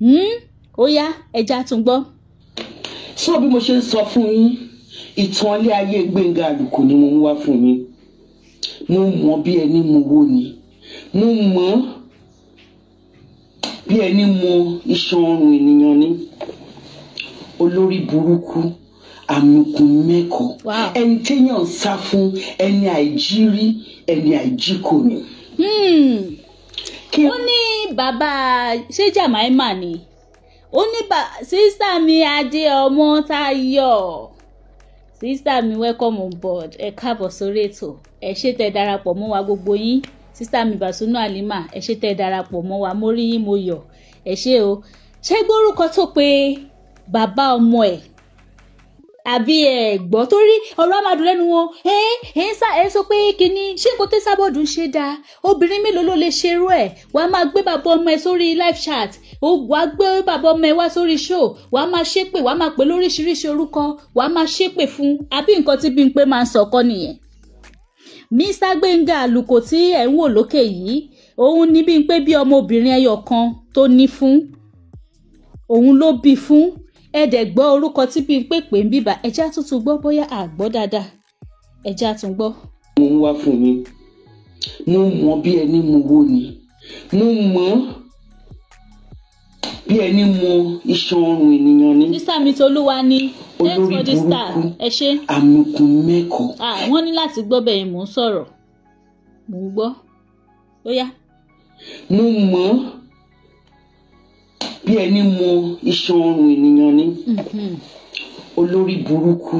Hmm? ó yá ẹja tún gbọ́. sọ bí mo ṣe ń sọ fún yín ìtàn ilé ayé Gbẹ́ngà Àlùkò ni mo ń wá fún yín mo mọ̀ bí ẹni mo wó ni mo mọ̀ bí ẹni mo iṣan ọrùn ènìyàn ni olórí burúkú àmukùn mẹ́kọ̀ ẹni téèyàn sá fún ẹni àìjírí ẹni àìjíkò ni. Hmm ó ní bàbá ṣé jàmáìmà ni ó ní bá sísá mi adé ọmọ Táyọ̀ sísá mi welcome on board ẹ káàbọ̀ sórí ètò ẹ ṣé tẹ́ darapọ̀ mọ́ wa gbogbo yín sísá mi Bàsúnà Àlímà ẹ ṣé tẹ́ darapọ̀ mọ́ wa mo rí yín mo yọ̀ ẹ ṣé o ṣé gbórúkọ tó pé bàbá ọmọ ẹ̀ àbí ẹ gbọ́ torí ọ̀rọ̀ amadu lẹ́nu wọn ẹ ẹ ń sá ẹ sọ pé kínní ṣé nǹkan tó sábọ̀dù ń ṣe dáa obìnrin mélòó ló lè ṣe irú ẹ̀ wàá máa gbé bàbá ọmọ ẹ sórí live chat wàá gbé bàbá ọmọ ẹ wá sórí show wàá máa ṣépè wàá máa pè lóríṣiríṣi orúkọ wàá máa ṣépè fún àbí nǹkan tí Bímpé máa ń sọkọ nìyẹn Mr Gbẹ́ngà Àlùkò tí ẹ̀ ń wò lókè yìí òun ni Bímpé bí ọmọbìnrin ẹyọ kan tó ní fún òun ló bí fún ẹ dẹ̀ gbọ́ orúkọ tí Bímpé pè ń bíbà ẹjẹ́ àtúntò gbọ́ bóyá àgbọ́ dáadáa ẹjẹ́ àtún gbọ́. mo ń wá fún mi mo mọ bí ẹni mo wó ni mo mọ bí ẹni mo iṣan ọrùn ènìyàn ni. sísá mi tolúwa ni olórí burúkú amukun mẹ́kọ̀ọ́. wọ́n ní láti gbọ́ bẹ́ẹ̀ mò ń sọ̀rọ̀ mò ń gbọ́ bóyá. mo mọ̀ ọ́ bí ẹni mọ iṣan ọrùn ènìyàn ni mm-hmm. olórí burúkú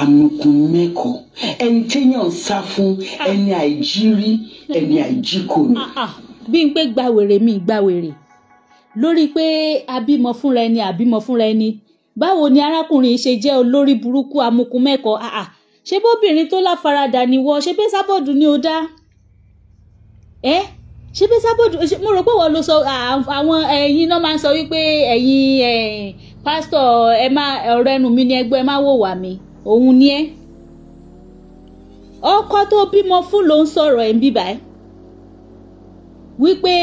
amukun mẹ́kọ̀ọ́ ẹni téèyàn sá fún ẹni àìjírí ẹni àìjíkò ni. Ah, ah. bí n pé gba wèrè mi gba wèrè lórí pé abímọ fúnra ẹni àbímọ fúnra ẹni báwo ni arákùnrin ṣe jẹ́ olórí burúkú amukun mẹ́kọ̀ọ́ àà ah, ṣé bóbìnrin tó láfaradà ni wọ́ ṣe pé sábọ̀dù ni ó dá eh? ṣé bí sábòdù mo rò pé wọ́n ló sọ àwọn ẹ̀yin náà máa ń sọ wípé ẹ̀yin pásítọ̀ ẹ má ọ̀rọ̀ ẹnu mi ni ẹgbẹ́ ẹ má wò wá mi òun ni ẹ́ ọkọ tó bímọ fún ló ń sọ̀rọ̀ ẹ̀ ń bíbá ẹ̀ wípé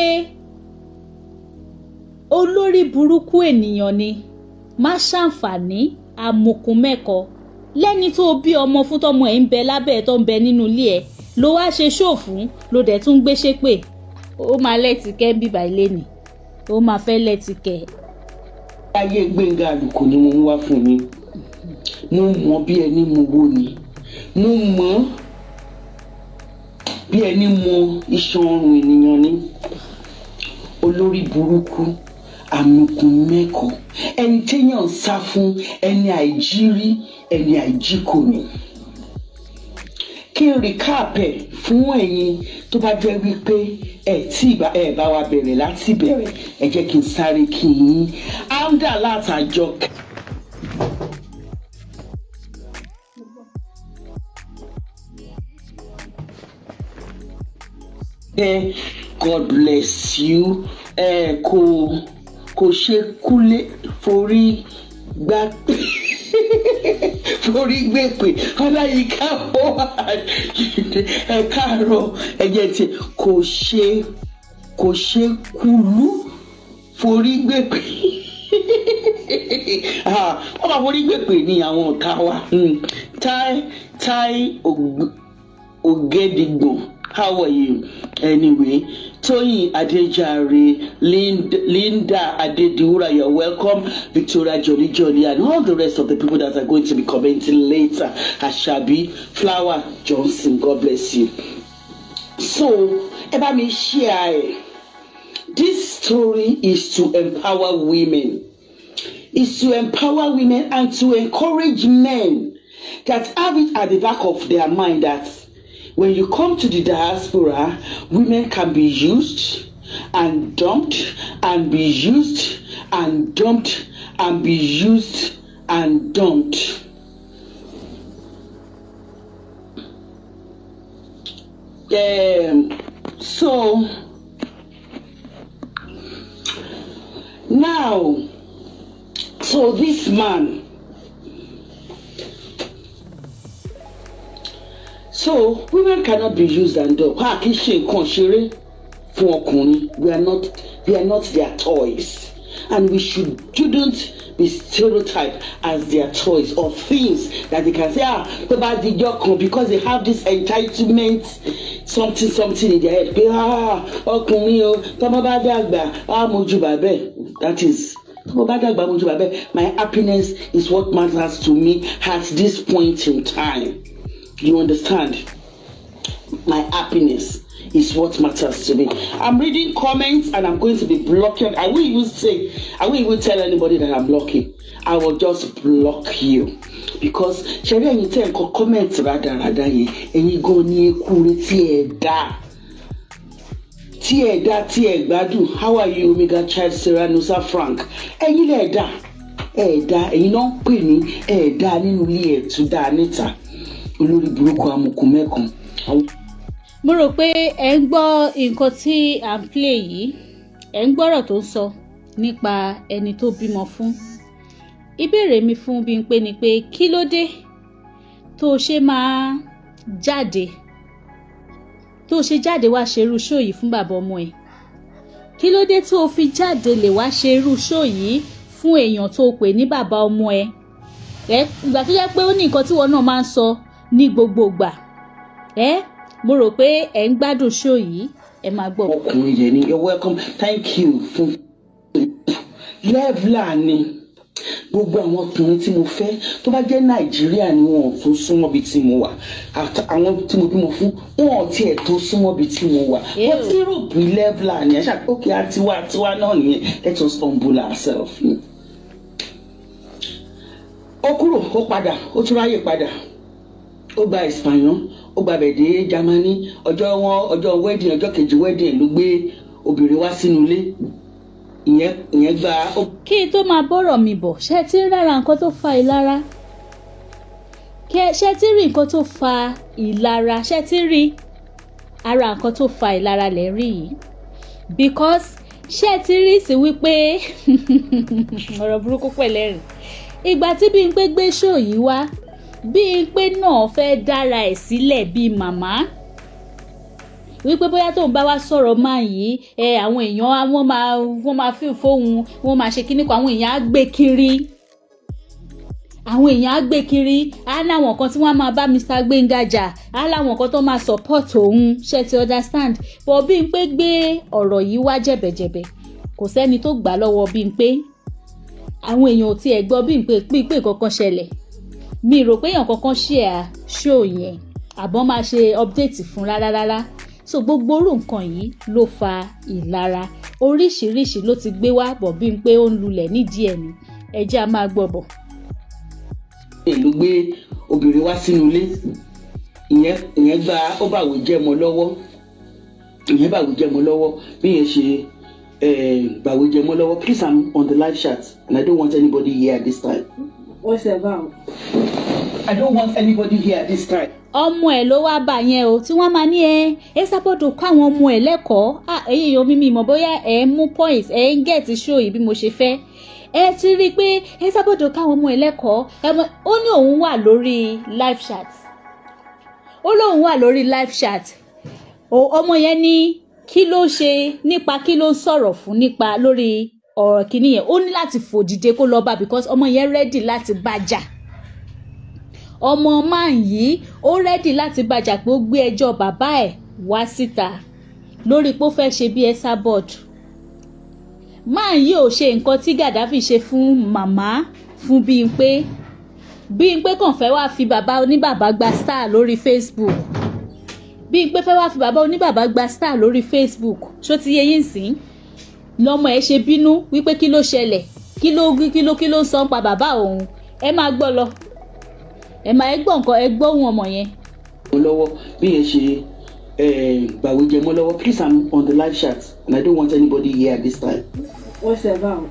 olórí burúkú ènìyàn ni má ṣàǹfààní amòkùnmẹ́kọ lẹ́ni tó bí ọmọ fún tọmọ ẹ̀ ń bẹ lábẹ́ ẹ̀ tó ń bẹ nínú ilé ẹ̀ ló wá ṣe ṣòfún ló dẹ̀ tún gbéṣẹ́ pè ó máa lẹ́ẹ̀tì kẹ́ ń bíbá ilé ni ó máa fẹ́ lẹ́ẹ̀tì kẹ́. ayé gbẹ̀ngà àlùkò ni mo ń wá fún mi mo mọ̀ bí ẹni mo wó ni mo mọ̀ bí ẹni mo iṣan ọrùn ènìyàn ni olórí burúkú amukun mẹ́kọ̀ọ́ ẹni téèyàn sá fún ẹni àìjírí ẹni àìjíkò ni kí n rí káàpẹ̀ fún ẹ̀yin tó bá jẹ́ wípé ẹ tí ìgbà ẹ bá wa bẹ̀rẹ̀ láti bẹ̀rẹ̀ ẹ jẹ́ kí n sáré kí yín áńdà látàjọ. God bless you ẹ kò kò ṣe kúlé forí gbá torí gbèpè ọláyíká ó wà ẹ káàárọ̀ ẹjẹ tiẹ kò ṣe kò ṣe kúlú forí gbèpè ah, wọ́n máa forí gbèpè ní àwọn ọ̀tá wa hmm. tai tai ògèdìgbọ̀n how are you anyway Toyin Adejare, Linda Adediwura, you're welcome. Victoria Johnny Johnny, and all the rest of the people that are going to be commenting later. Ashabi Flower Johnson, God bless you. So, ẹ bá mi share This story is to empower women. Is to empower women and to encourage men that have it at the back of their mind that when you come to the diaspora, women can be used and dumped and be used and dumped and be used and dumped. Um, so now, so this man so women cannot be used and done a kì í ṣe nǹkan ṣeré fún ọkùnrin we are not we are not their toys and we should shouldn't be stereotyped as their toys or things that they can say ah tó bá di ijọ́ kan because they have this entitlement something something in their head pé ah ọkùnrin o tọ́mọ bá dàgbà ah mo jù bàbá that is tọ́mọ bá dàgbà mo jù bàbá my happiness is what matters to me at this point in time. You understand? My happiness is what matters to me. I'm reading comments and I'm going to be blocking. I will even say, I will even tell anybody that I'm blocking. I will just block you. Because ṣẹ́rí ẹ̀yin tẹ́ nǹkan kọ́mẹ̀ntì rádaràda yẹn ẹ̀yin gan ni ekure tí ẹ̀ dá tí ẹ̀ dá tí ẹ̀ gbádùn how are you omega child sarah nusa frank ẹ̀yin lẹ̀ dá ẹ̀ dá ẹ̀yin náà ń pè ní ẹ̀ dá nínú ilé ẹ̀ tún olórí burúkú amukùn mẹ́kan. mo rò pé ẹ ń gbọ́ nǹkan tí à ń play yìí ẹ ń gbọ́rọ̀ tó ń sọ nípa ẹni tó bímọ fún ìbéèrè mi fún Bímpé ni pé kí ló dé tó ṣe máa jáde tó ṣe jáde wá ṣe irú ṣó yìí fún bàbá ọmọ ẹ kí ló dé tó fi jáde lè wá ṣe irú ṣó yìí fún èèyàn tó pè ní bàbá ọmọ ẹ ẹ ìgbà tó jẹ́ pé ó ní nǹkan tí wọn náà máa ń sọ ní gbogbo ìgbà ẹ mo rò pé ẹ ń gbádùn ṣó yìí ẹ máa gbọ́. ọkùnrin yẹn ni you're welcome thank you fún lẹ́ẹ̀bùlà ni gbogbo àwọn ọkùnrin tí mo fẹ́ tó bá jẹ́ nàìjíríà ni wọn ò tó súnmọ́ bíi tí mo wà àwọn tí mo bímọ fún wọn ò tiẹ̀ tó súnmọ́ bíi tí mo wà wọ́n ti rò bí lẹ́ẹ̀bùlà ni àṣà òkè àtiwá àtiwá náà nìyẹn let us humble ourselves. ó kúrò ó padà ó tún ráyè padà ó gba ìsànyán ó gba bẹ̀dẹ̀ Jámánì ọjọ́ wọn ọjọ́ wedding ọjọ́ kejì wedding ló gbé obìnrin wá sínú ilé ìyẹn ìyẹn gba. kí n tó máa bọ́rọ̀ mi bọ̀ ṣé ti ń rárá nǹkan tó fa ìlara ṣé ti rí nǹkan tó fa ìlara ṣé ti rí ara nǹkan tó fa ìlara lẹ̀ rí yìí because ṣé ti rí sí wípé ọ̀rọ̀ burúkú pẹ̀lẹ́rìn ìgbà tí Bímpé gbé ṣó yìí wá Bímpé náà fẹ́ dára ẹ̀ sílẹ̀ bíi màmá wípé bóyá tóun bá wá sọ̀rọ̀ máa yìí ẹ àwọn èèyàn wọ́n máa wọ́n máa fi fóun wọ́n máa ṣe kíní kan àwọn èèyàn á gbé kiri àwọn èèyàn á gbé kiri á láwọn kan tí wọ́n máa bá Mr. Gbénga jà á láwọn kan tó máa support òun ṣe ti understand but Bímpé gbé ọ̀rọ̀ yìí wá jẹ̀bẹ̀jẹ̀bẹ̀ kò sẹ́ni tó gbà lọ́wọ́ Bímpé àwọn èèyàn ò tiẹ̀ gbọ́ Bímpé pípé kankan ṣẹlẹ̀ mi rò pé èèyàn kankan share show yẹn àbọ̀ máa ṣe update fún rárá rárá so gbogbo orú nǹkan yìí ló fa ìlara oríṣiríṣi ló ti gbé wá bọ̀ bí n pé ó ń lulẹ̀ nídìí ẹ̀mí ẹjẹ́ a máa gbọ́ bọ̀. èlò gbé obìnrin wá sínú ilé ìyẹn ìyẹn gba ó bàwò jẹ́ mọ́ lọ́wọ́ ìyẹn bàwò jẹ́ mọ́ lọ́wọ́ bí yẹn ṣe bàwò jẹ́ mọ́ lọ́wọ́ please i'm on the live chat and i don't want anybody here at this time. what's about. I don't want anybody here this time. ọmọ ẹ ló wáá bà yẹn o tí wọ́n máa ní ẹ ẹ sábọ̀dọ̀ kọ́ àwọn ọmọ ẹ lẹ́kọ̀ọ́ ẹ̀yìn yóò mímí mọ̀ bóyá ẹ ń mú point ẹ ń gẹ̀ẹ́tì show yìí bí mo ṣe fẹ́ ẹ ti rí i pé ẹ sábọ̀dọ̀ kọ́ àwọn ọmọ ẹ lẹ́kọ̀ọ́ ó ní òun wà lórí live chat ó lóun wà lórí live chat ọmọ yẹn ní kí ló ṣe nípa kí ló ń sọ̀rọ̀ fún nípa lórí ọ̀rọ̀ kìíní ó ní láti fòdìde kó lọ bá because ọmọ yẹn ready láti bá jà ọmọ man yìí ó rẹ́dì láti bàjà pé ó gbé ẹjọ́ bàbá ẹ̀ wá síta lórí pé ó fẹ́ ṣe bí ẹsà board man yìí ò ṣe nǹkan tí Gaddafi ṣe fún màmá fún Bímpé Bímpé kàn fẹ́ wá fi bàbá oníbàbá gba star lórí Facebook Bímpé fẹ́ wá fi bàbá oníbàbá gba star lórí Facebook ṣó ti yẹ yín sìn lọ́mọ ẹ̀ ṣe bínú wípé kí ló ṣẹlẹ̀ kí ló kí ló kí ló sọ ń pa bàbá òun ẹ máa gbọ́ lọ ẹ máa ẹ gbọ́ nǹkan ẹ gbọ́ ohun ọmọ yẹn. mo lọ́wọ́ bí yẹn ṣe gbàwé jẹ mọ́ lọ́wọ́ please i'm on the live chat and i don't want anybody here at this time. what's about.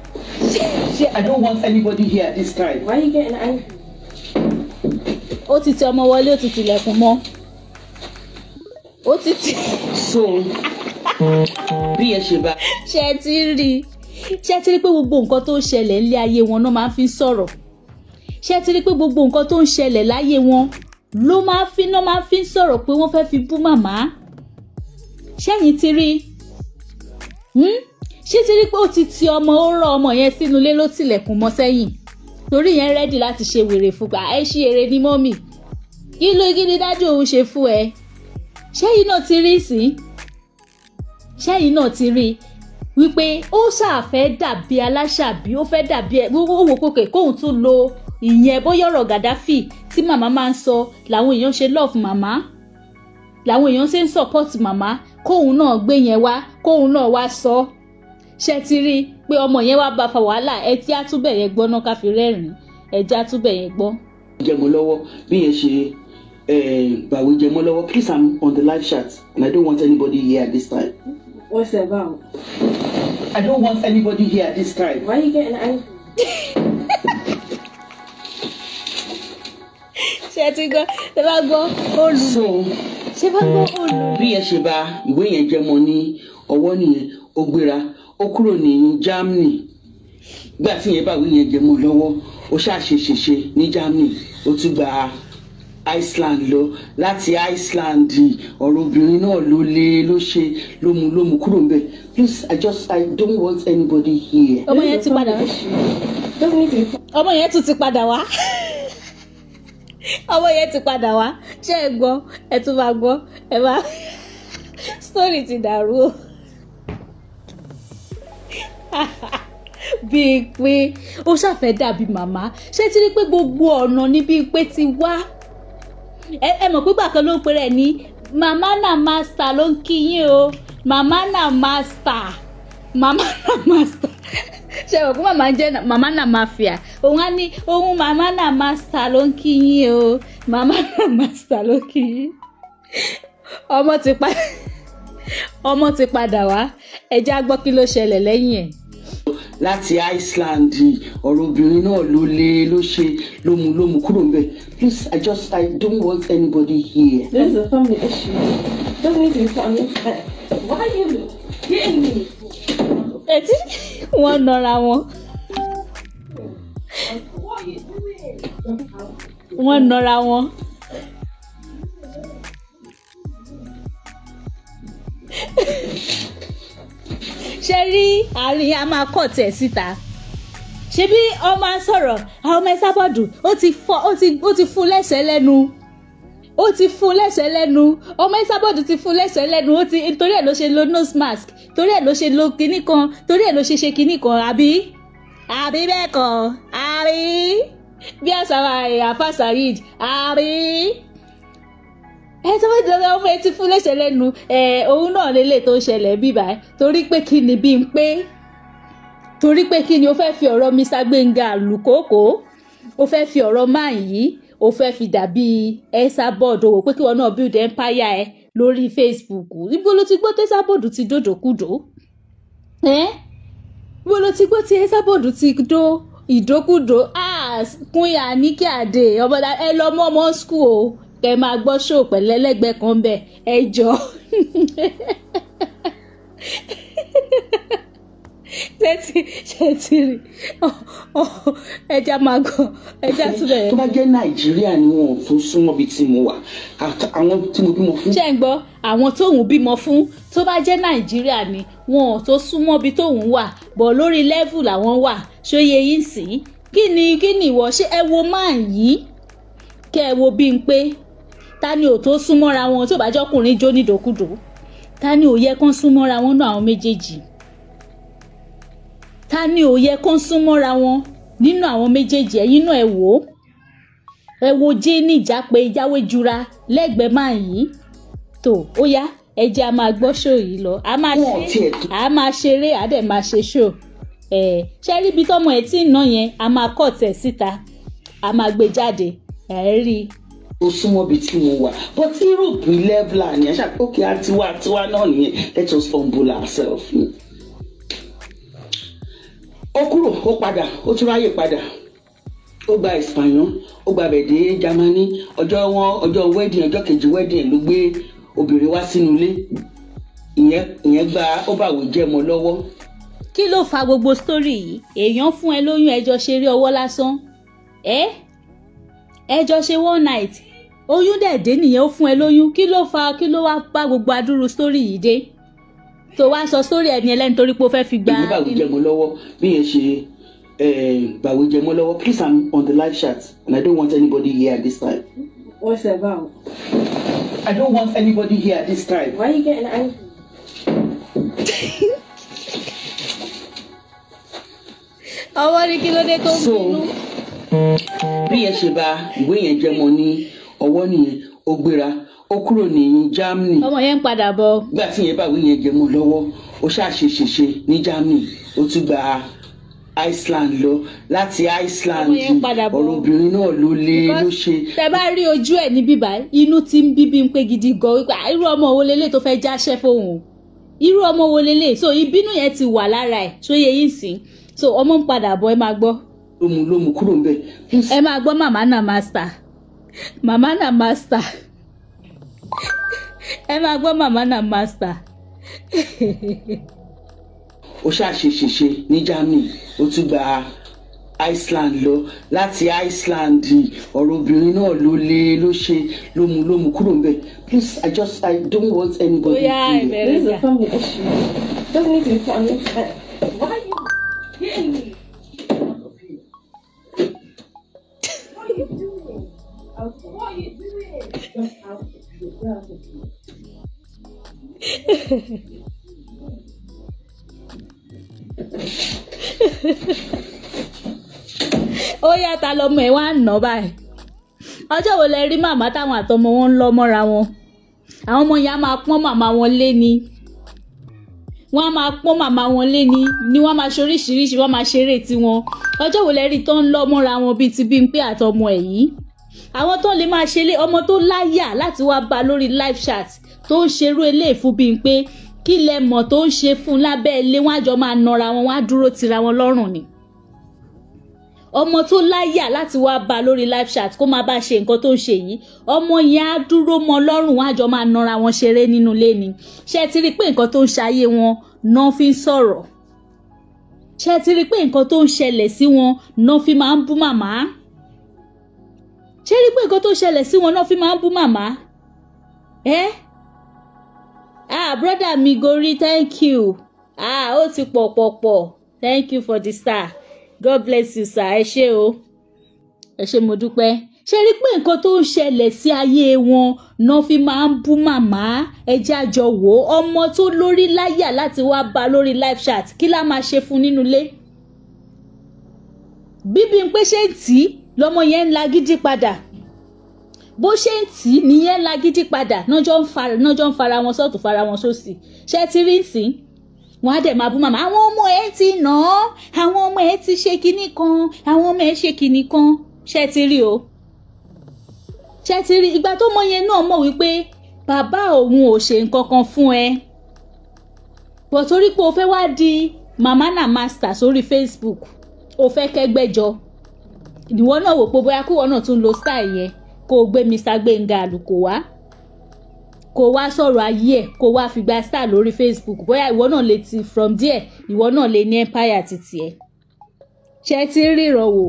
say i don't want anybody here at this time. why you getting angry. ó ti ti ọmọ wọlé ó ti tilẹ̀kùn mọ́ ó ti ti. so bí yẹn ṣe bá. ṣe ti rí ṣe ti rí pé gbogbo nǹkan tó ṣẹlẹ̀ nílé ayé wọn náà máa fi sọ̀rọ̀ ṣé ti rí pé gbogbo nǹkan tó ń ṣẹlẹ̀ láyé wọn ló máa fi ló máa fi ń sọ̀rọ̀ pé wọ́n fẹ́ẹ́ fi bú màmá ṣẹ́yìn ti rí hmm? ṣé ti rí pé ó ti ti ọmọ ó rọ ọmọ yẹn sínú ilé ló tilẹ̀kùn mọ́ sẹ́yìn torí yẹn rẹ́dì láti ṣe wèrè fún pa ẹ ṣí eré ní mọ́mì kí ló kí ni dájú òun ṣe fún ẹ ṣẹ́yìn náà ti rí sí ṣẹ́yìn náà ti rí wípé ó ṣáà fẹ́ dàbí aláṣàbí ó fẹ́ dàbí ẹ wọ́n wò kókè kóun tún lo ìyẹn bóyá ọ̀rọ̀ Gaddafi tí màmá máa ń sọ làwọn èèyàn ṣe love màmá làwọn èèyàn ṣe ń support màmá kóun náà gbé yẹn wá kóun náà wá sọ ọ́ ṣe ti rí i pé ọmọ yẹn wá bá fa wàhálà ẹ jẹ́ àtúbẹ̀ yẹn gbọ́ náà ká fi rẹ́rìn-ín ẹ jẹ́ àtúbẹ̀ yẹn gbọ́. jẹmọ lọ́wọ́ bí yẹn ṣe bàwí jẹmọ lọ́wọ́ please i'm on the live chat and i don't want anybody here at this time. what's that about. i don't want anybody here at this time. why are you getting angry. ṣe ti gbọ́ ṣe bá gbọ́ olùlù ṣe bá gbọ́ olùlù. bí ẹ ṣe bà ìwé yẹn jẹ́ mọ́ ní ọwọ́ nìyẹn ó gbéra ó kúrò ní Germany gbà tí yẹn bá ìwé yẹn jẹ́ mọ́ lọ́wọ́ ó ṣàṣeṣeṣe ní Germany ó tún gba Iceland lọ láti Iceland ọ̀rọ̀ obìnrin náà ló lé ló ṣe ló mu ló mu kúrò níbẹ̀ please I just I don't want anybody here. ọmọ yẹn ti padà wá ọmọ yẹn tún ti padà wá ọmọ yẹn ti padà wá ṣé é gbọ́ ẹ tún máa gbọ́ ẹ máa story ti dàrú o bíi pé ó ṣàfẹ́ dàbí màmá ṣé tí rí pé gbogbo ọ̀nà ni bíi pé ti wá ẹ mọ̀ pé gbàkan ló ń pe ní màmá nà master ló ń kí yín o màmá nà master màmá nà master. ṣe òkú màmá jẹ́ màmá náà mafia òun á ní òun màmá náà masta ló ń kí yín o màmá náà masta ló kí yín ọmọ ti pa ọmọ ti padà wá ẹjẹ́ á gbọ́ kí ló ṣẹlẹ̀ lẹ́yìn ẹ̀. láti Iceland ọ̀rọ̀ obìnrin náà ló lé ló ṣe ló mú ló mú kúrò níbẹ̀ please I just I don't want anybody here. this is a family issue. don't need to be funny. why you hitting me etí wọ́n nara wọn wọ́n nara wọn. ṣe rí àárín a máa kọ̀ tẹ̀ síta ṣebí ọmọ sọ̀rọ̀ àwọn ọmọ ẹ sábọ̀dù ó ti fún lẹ́sẹ̀ lẹ́nu ó ti fún un lẹ́sẹ̀ lẹ́nu ọmọ Esabod ti fún un lẹ́sẹ̀ lẹ́nu ó ti torí ẹ̀ ló ṣe lo nose mask torí ẹ̀ ló ṣe lo kinní kan torí ẹ̀ ló ṣe ṣe kinní kan àbí àbí bẹ́ẹ̀ kọ́ àbí bí àṣàrà àfa Saheed àbí ẹ tó bá dọ̀rọ̀ ọmọ ẹ ti fún lẹ́sẹ̀ lẹ́nu ẹ òun náà lélẹ̀ tó ń ṣẹlẹ̀ bíbá torí pé kí ni bí n pé torí pé kí ni o fẹ́ fi ọ̀rọ̀ Mr. Gbẹ́ngà lùkòkò o fẹ́ fi ọ̀rọ̀ máà yìí o fẹ́ fi dàbí Esabod o wò pé kí wọn náà build empire ẹ lórí Facebook ibo ló ti gbọ́ tí Esabod ti dòdòkúdò ẹ́ ibo ló ti gbọ́ tí Esabod ti dó ìdókúdò kúnyà Àníkẹ́ Adé ọmọdé ẹ lọ mọ́ ọmọ school o kẹ máa gbọ́ ṣòpẹ́ lẹ́lẹ́gbẹ́ kan bẹ́ẹ̀ ẹ jọ. ṣẹ́tì ṣẹ́tì rí ẹja máa gàn ẹja tún bẹ̀rẹ̀. tó bá jẹ́ nàìjíríà ni wọn ò tó súnmọ́ bíi tí mo wà àwọn tí mo bímọ fún. ṣé ń gbọ́ àwọn tóun bímọ fún tó bá jẹ́ nàìjíríà ni wọn ò tó súnmọ́ bíi tóun wà bọ̀ lórí lẹ́vù làwọn wà ṣóye yìí sí kí ni kí ni ìwọ ṣé ẹ wo máa yìí kẹ́ ẹ wo bíi pé ta ni ò tó súnmọ́ra wọn tó bá jọ́kùnrin jó nídòkúdò ta ni ò yẹ kán súnmọ́ra wọn náà àwọn méjèèjì ta ni ò yẹ kó ń sún mọ́ra wọn nínú àwọn méjèèjì ẹ̀yin náà ẹ wò ó ẹ wo jéènì jápé yáwé jura lẹ́gbẹ̀ẹ́ máa yìí tó ó yá ẹ jẹ́ a máa gbọ́ ṣó yìí lọ a máa ṣe a máa ṣeré a dẹ̀ máa ṣe ṣó ẹ ṣe rí ibi tọ́mọ ẹ̀ tí ń ná yẹn a máa kọ̀ tẹ̀ síta a máa gbé jáde ẹ̀ rí i ó súnmọ́ bíi tí mo wà but europe level àníyàn ṣàkókè àtiwá àtiwá náà nìyẹn let us humble ourselves ó kúrò ó padà ó tún ráyè padà ó gba ìsànyán ó gba bẹ̀dẹ̀ Jámánì ọjọ́ wọn ọjọ́ wedding ọjọ́ kejì wedding ló gbé obìnrin wá sínú ilé ìyẹn gba ó bàwò jẹ́ mọ́ lọ́wọ́. kí ló fa gbogbo sítórì yìí èèyàn fún ẹ lóyún ẹjọ́ ṣeré ọwọ́ lásán ẹ ẹjọ́ ṣe one night oyún dẹ̀ dé nìyẹn ó fún ẹ lóyún kí ló fa kí ló wá bá gbogbo adúrú sítórì yìí dé tó wá ń sọ sórí ẹni ẹlẹ́ni torí pé ó fẹ́ fi gba. èmi bàwí jẹ mọ́ lọ́wọ́ bí yẹn ṣe bàwí jẹ mọ́ lọ́wọ́ please i'm on the live chat and i don't want anybody here at this time. what's about. i don't want anybody here at this time. why you getting angry. ọwọ́ ni kí ló dé tó ń bínú. bí yẹn ṣe bà ìwé yẹn jẹ́ mọ́ ní ọwọ́ nìyẹn ó gbéra ó kúrò ní Germany. ọmọ yẹn ń padà bọ̀. nígbà tí yẹn báwo yẹn gẹmọ lọ́wọ́ ó ṣàṣeṣeṣe ní Germany ó tún gba Iceland lọ láti Iceland ọ̀rọ̀ obìnrin náà ló lé ló ṣe. tẹ bá rí ojú ẹ ní bíbá inú tí ń bíbí ń pé gidi gan wípé ah, irú ọmọ wo lélẹ̀ tó fẹ́ẹ́ jáṣẹ́ fóun o irú ọmọ wo lélẹ̀ so ìbínú yẹn ti wà lára ẹ̀ ṣóye yìí sìn so ọmọ ń padà bọ̀ ẹ máa gbọ́ ló mú ló mú kúrò ẹ máa gbọ́ màmá náà master màmá náà master ẹ máa gbọ́ màmá náà màsà. ó ṣàṣeṣeṣe ní Germany ó tún gba Iceland lọ láti Iceland ọ̀rọ̀ obìnrin náà ló lé ló ṣe ló mu kúrò ńbẹ̀ please I just I don't want anybody to hear. this is a family issue just need to be funny why you. out of What are you doing? Just out of you. Get out of you. ó yá ta lọmọ ẹ wá ń ná báyìí ọjọ́ wo lẹ rí màmá táwọn àtọmọ wọn ń lọ mọ́ra wọn àwọn ọmọ yẹn á máa pọ́n màmá wọn lé ni wọ́n á máa pọ́n màmá wọn lé ni ni wọ́n máa ṣoríṣiríṣi wọ́n máa ṣeré tiwọn ọjọ́ wo lẹ rí tó ń lọ mọ́ra wọn bíi ti Bímpé àtọmọ ẹ̀ yìí àwọn tó lè máa ṣe lé ọmọ tó láyà láti wá bá lórí live chat tó ń ṣerú eléyìí fún bíi pé kí lẹ mọ̀ tó ń ṣe fún lábẹ́ ilé wọn àjọ máa nara wọn wá dúró tira wọn lọ́rùn ni ọmọ tó láyà láti wá bá lórí live chat kó máa bá ṣe nǹkan tó ń ṣe yìí ọmọ yẹn á dúró mọ́ lọ́rùn wọn àjọ máa nara wọn ṣeré nínú ilé ni ṣé ẹ ti rí i pé nǹkan tó ń ṣayé wọn náà fi ń sọ̀rọ̀ ṣé ti rí i pé nǹkan tó ń ṣẹlẹ̀ sí wọn náà fi máa ń bú màmá ṣé rí pé nǹkan tó ṣẹlẹ̀ sí wọn náà fi máa ń bú màmá ẹ́ ah broda mi gori thank you ah ó ti pọ̀ pọ̀ pọ̀ thank you for the star god bless you sir ẹ ṣé o ẹ ṣé mo dúpẹ́ ṣe rí pé nǹkan tó ń ṣẹlẹ̀ sí ayé wọn náà fi máa ń bú màmá ẹjẹ́ àjọ wò ó ọmọ tó lórí láyà láti wá bá lórí live chat kí la máa ṣe fún nínú ilé bíbí ń pé ṣe ń lọmọ yẹn ń lagídí padà bó ṣe ń tì í nìyẹn lagídí padà nájọ́ ń fara nájọ́ ń fara wọn sọ́ọ̀tún fara wọn sósì ṣé ti rí nsìn wọn á dẹ̀ máa bú màmá àwọn ọmọ ẹ ti nà án àwọn ọmọ ẹ ti ṣe kinní kan àwọn ọmọ ẹ ṣe kinní kan ṣé ti rí o ṣé ti rí ìgbà tó mọ yẹn náà mọ̀ wípé bàbá òun ò ṣe nǹkan kan fún ẹ bọ̀ torí pé o fẹ́ wá di màmá náà master sórí Facebook o fẹ́ kẹ́gbẹ́jọ ìwọ náà wò pé bóyá kúwọ náà tún lo style yẹn kó o gbé Mr Gbénga Àlùkò wá kó wá sọ̀rọ̀ ayé ẹ̀ kó wá fi gba star lórí Facebook bóyá ìwọ náà lè ti from there ìwọ náà lè ní empire títì ẹ̀ ṣe ti ríran wò